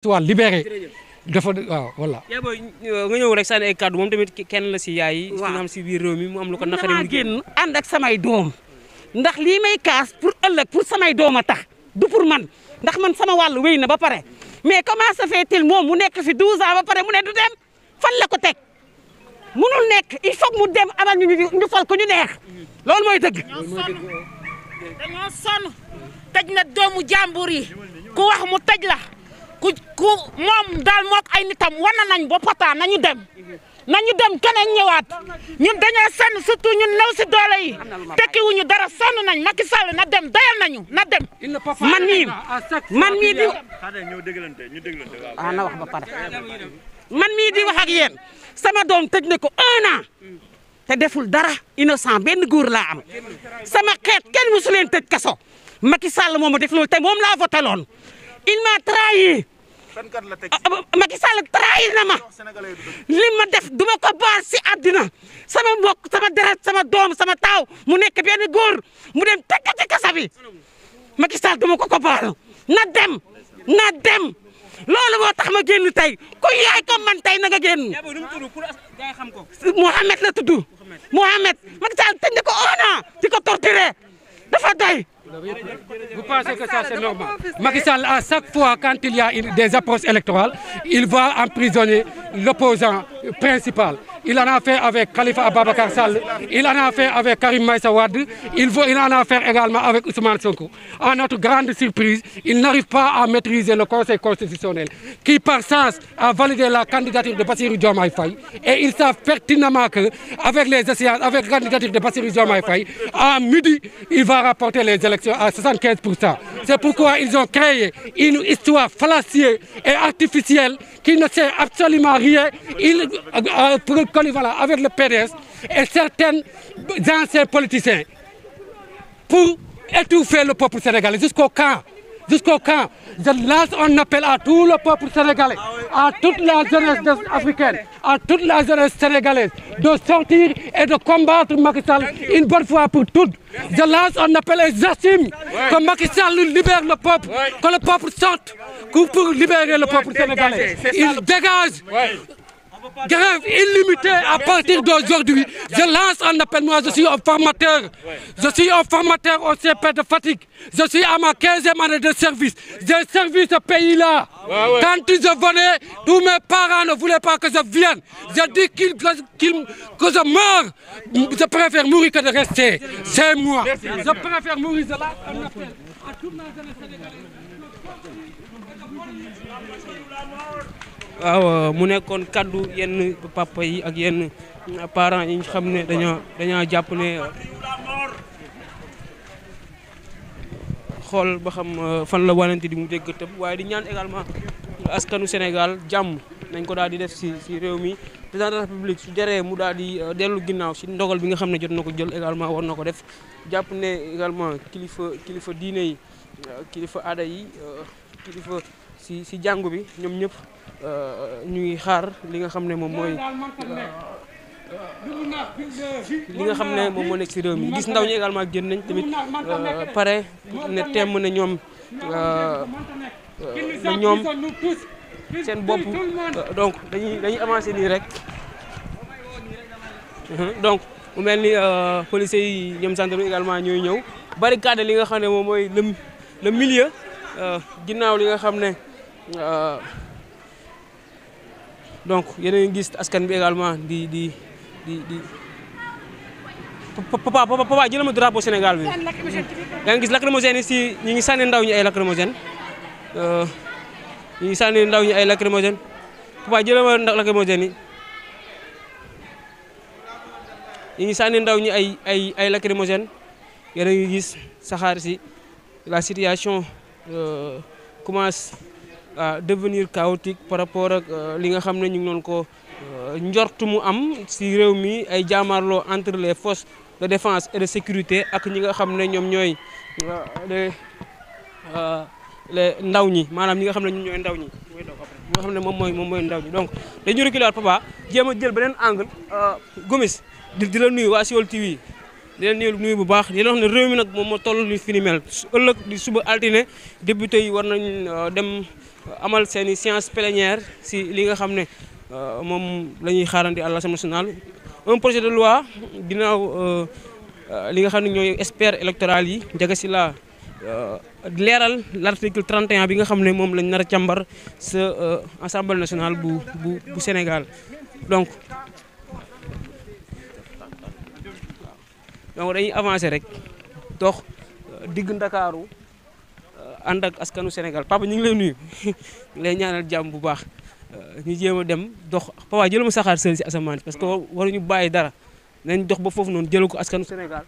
soit libéré dafa waaw voilà. yaa booy nga ñëw rek sànni ay kàddu moom tamit kenn la si yaay yi. waaw si biir réew mi mu am lu ko naqari. mu génn ànd ak samay doom ndax lii may kaas pour ëllëg pour samay doom a tax du pour man ndax man sama wàll wéy na ba pare mais comment se fait-il moom mu nekk fi 12 ans ba pare mu ne du dem fan la ko teg munul nekk il faut mu dem amal ñu ñu fal ko ñu neex loolu mooy dëgg. dañoo sonn tëj na doomu jàmbur yi ku wax mu tëj la. ku ku moom daal mook ay nitam wana nañ ba pata nañu dem nañu dem keneen ñëwaat ñun dañoo sonn surtout ñun néew si doole yi wuñu dara sonn nañ Macky Sall na dem dayal nañu na dem man mii man mii di ah na wax ba pare man mii di wax ak sama doom tëj ne ko un te deful dara innocent benn góor laa am sama xeet kenn musu leen tëj kaso Macky Sall moom a def loolu te moom laa voté loon il Ah, ah, ah, Macky Sall trahir na ma li ma def du ko baal si àddina sama mbokk sama deret sama doom sama taaw mu nekk benn góor mu dem tekk ci kasa bi Macky Sall ko ko baal na dem na dem loolu moo tax ma génn tey ku yaay ko man tey na nga génn. Mohamed la tudd Mohamed Macky Sall ko un an ko torturer. dafa doy. vous pensez que ça c'est Sall à chaque fois quand il y a des approches électorales il va emprisonner l'opposant principal il en a fait avec Khalifa Ababakar Sall, il en a fait avec Karim Maïssa Wad, il, en a fait également avec Ousmane Sonko. À notre grande surprise, il n'arrive pas à maîtriser le Conseil constitutionnel, qui par sens a validé la candidature de Bassirou Diomaye Faye. Et ils savent pertinemment qu'avec les échéances, avec la candidature de Bassirou Diomaye Faye, à midi, il va rapporter les élections à C'est pourquoi ils ont créé une histoire fallacieuse et artificielle être polyvalent avec le PDS et certains anciens politiciens pour étouffer le peuple sénégalais jusqu'au camp. Jusqu'au camp. Je lance un appel à tout le peuple sénégalais, ah à toute la jeunesse africaine, à toute la jeunesse sénégalaise de sortir et de combattre Macky Sall une bonne fois pour toutes. Je lance un appel et j'assume que Macky Sall libère le peuple, que le peuple sorte pour libérer le peuple sénégalais. Il dégage grève illimitée à partir d'aujourd'hui. Je lance un appel, moi je suis un formateur. Je suis un formateur au CP de Fatigue. Je suis à ma 15 année de service. J'ai servi ce pays-là. Quand je venais, tous mes parents ne voulaient pas que je vienne. J'ai dit qu que, je meure. Je préfère mourir que de rester. C'est moi. Je préfère mourir. Je lance un appel à toute la jeunesse sénégalaise. waaw mu nekkoon kaddu yenn papa yi ak yenn parents yi xam ne dañoo dañoo jàpp ne xool ba xam euh, fan la wanante di mu dégg tëb waaye di ñaan également askanu Sénégal jàmm nañ ko daal di def si si réew mi président de la république su jëree mu daal di euh, dellu ginnaaw si ndogal bi nga xam ne jot na ko jël également war na ko def jàpp ne également kilifa kilifa diine yi euh, kilifa aada yi kilifa si si jàngu bi ñoom ñëpp. Euh, ñuy xaar li nga xam ne moom mooy li nga xam ne moom moo nekk si réew mi gis ndaw ñi également génn nañ tamit euh, pare ne temm na ñoom na euh, ñoom seen bopp donc dañuy dañuy avancer nii rek mhm, donc mu mel ni policiers yi ñoom gendarme également ñooy ñëw barricade li nga xam ne moom mooy le le ginnaaw li nga xam ne. donc yéen a ngi gis askan bi également di di di di papa papa jëlal drapeau Sénégal bi yaa ngi gis lacrymogène yi si ñi ngi sànni ndaw ñi ay lacrymogène euh, ñu ngi sànni ndaw ñi ay lacrymogène papa jëlal ma ndax lacrymogène yi ñu ngi sànni ndaw ñi ay ay ay lacrymogène yéen a ngi gis saxaar si la situation euh, commence à devenir chaotique par rapport ak euh, li nga xam ne ñu ngi doon ko euh, njort mu am si réew mi ay jaamarloo entre les forces de défense et de sécurité ak ñi nga xam ne ñoom ñooy euh, les les ndaw ñi maanaam ñi nga xam ne ñoom ñooy ndaw ñi. ñi nga ne moom mooy moom ndaw ñi donc dañu reculer waat papa jéem a jël beneen angle Gomis di di la nuyu waa Siweul TV di leen nuyu bu baax di ne réew mi nag moom moo toll ni fi ni mel ëllëg di suba altine député yi war nañ euh, dem amal seen i séance plénière si li nga xam ne euh, moom la xaarandi à l'Assemblée nationale un projet de loi ginnaaw euh, li nga xam ne ñooy esper électoraux yi njëkk si la leeral l' article 31 bi nga xam ne moom lañ nar a càmbar sa assemblée nationale bu Sénégal donc. donc dañuy avancé rek dox euh, digg ndakaaru euh, ànd ak askanu Sénégal papa ñu ngi lay nuyu lay ñaanal jàmm bu baax euh, ñu jéem a dem dox papa jëlal saxaar seen si asamaan parce que ñu bàyyi dara nañ dox ba foofu noonu jëlal ko askanu Sénégal.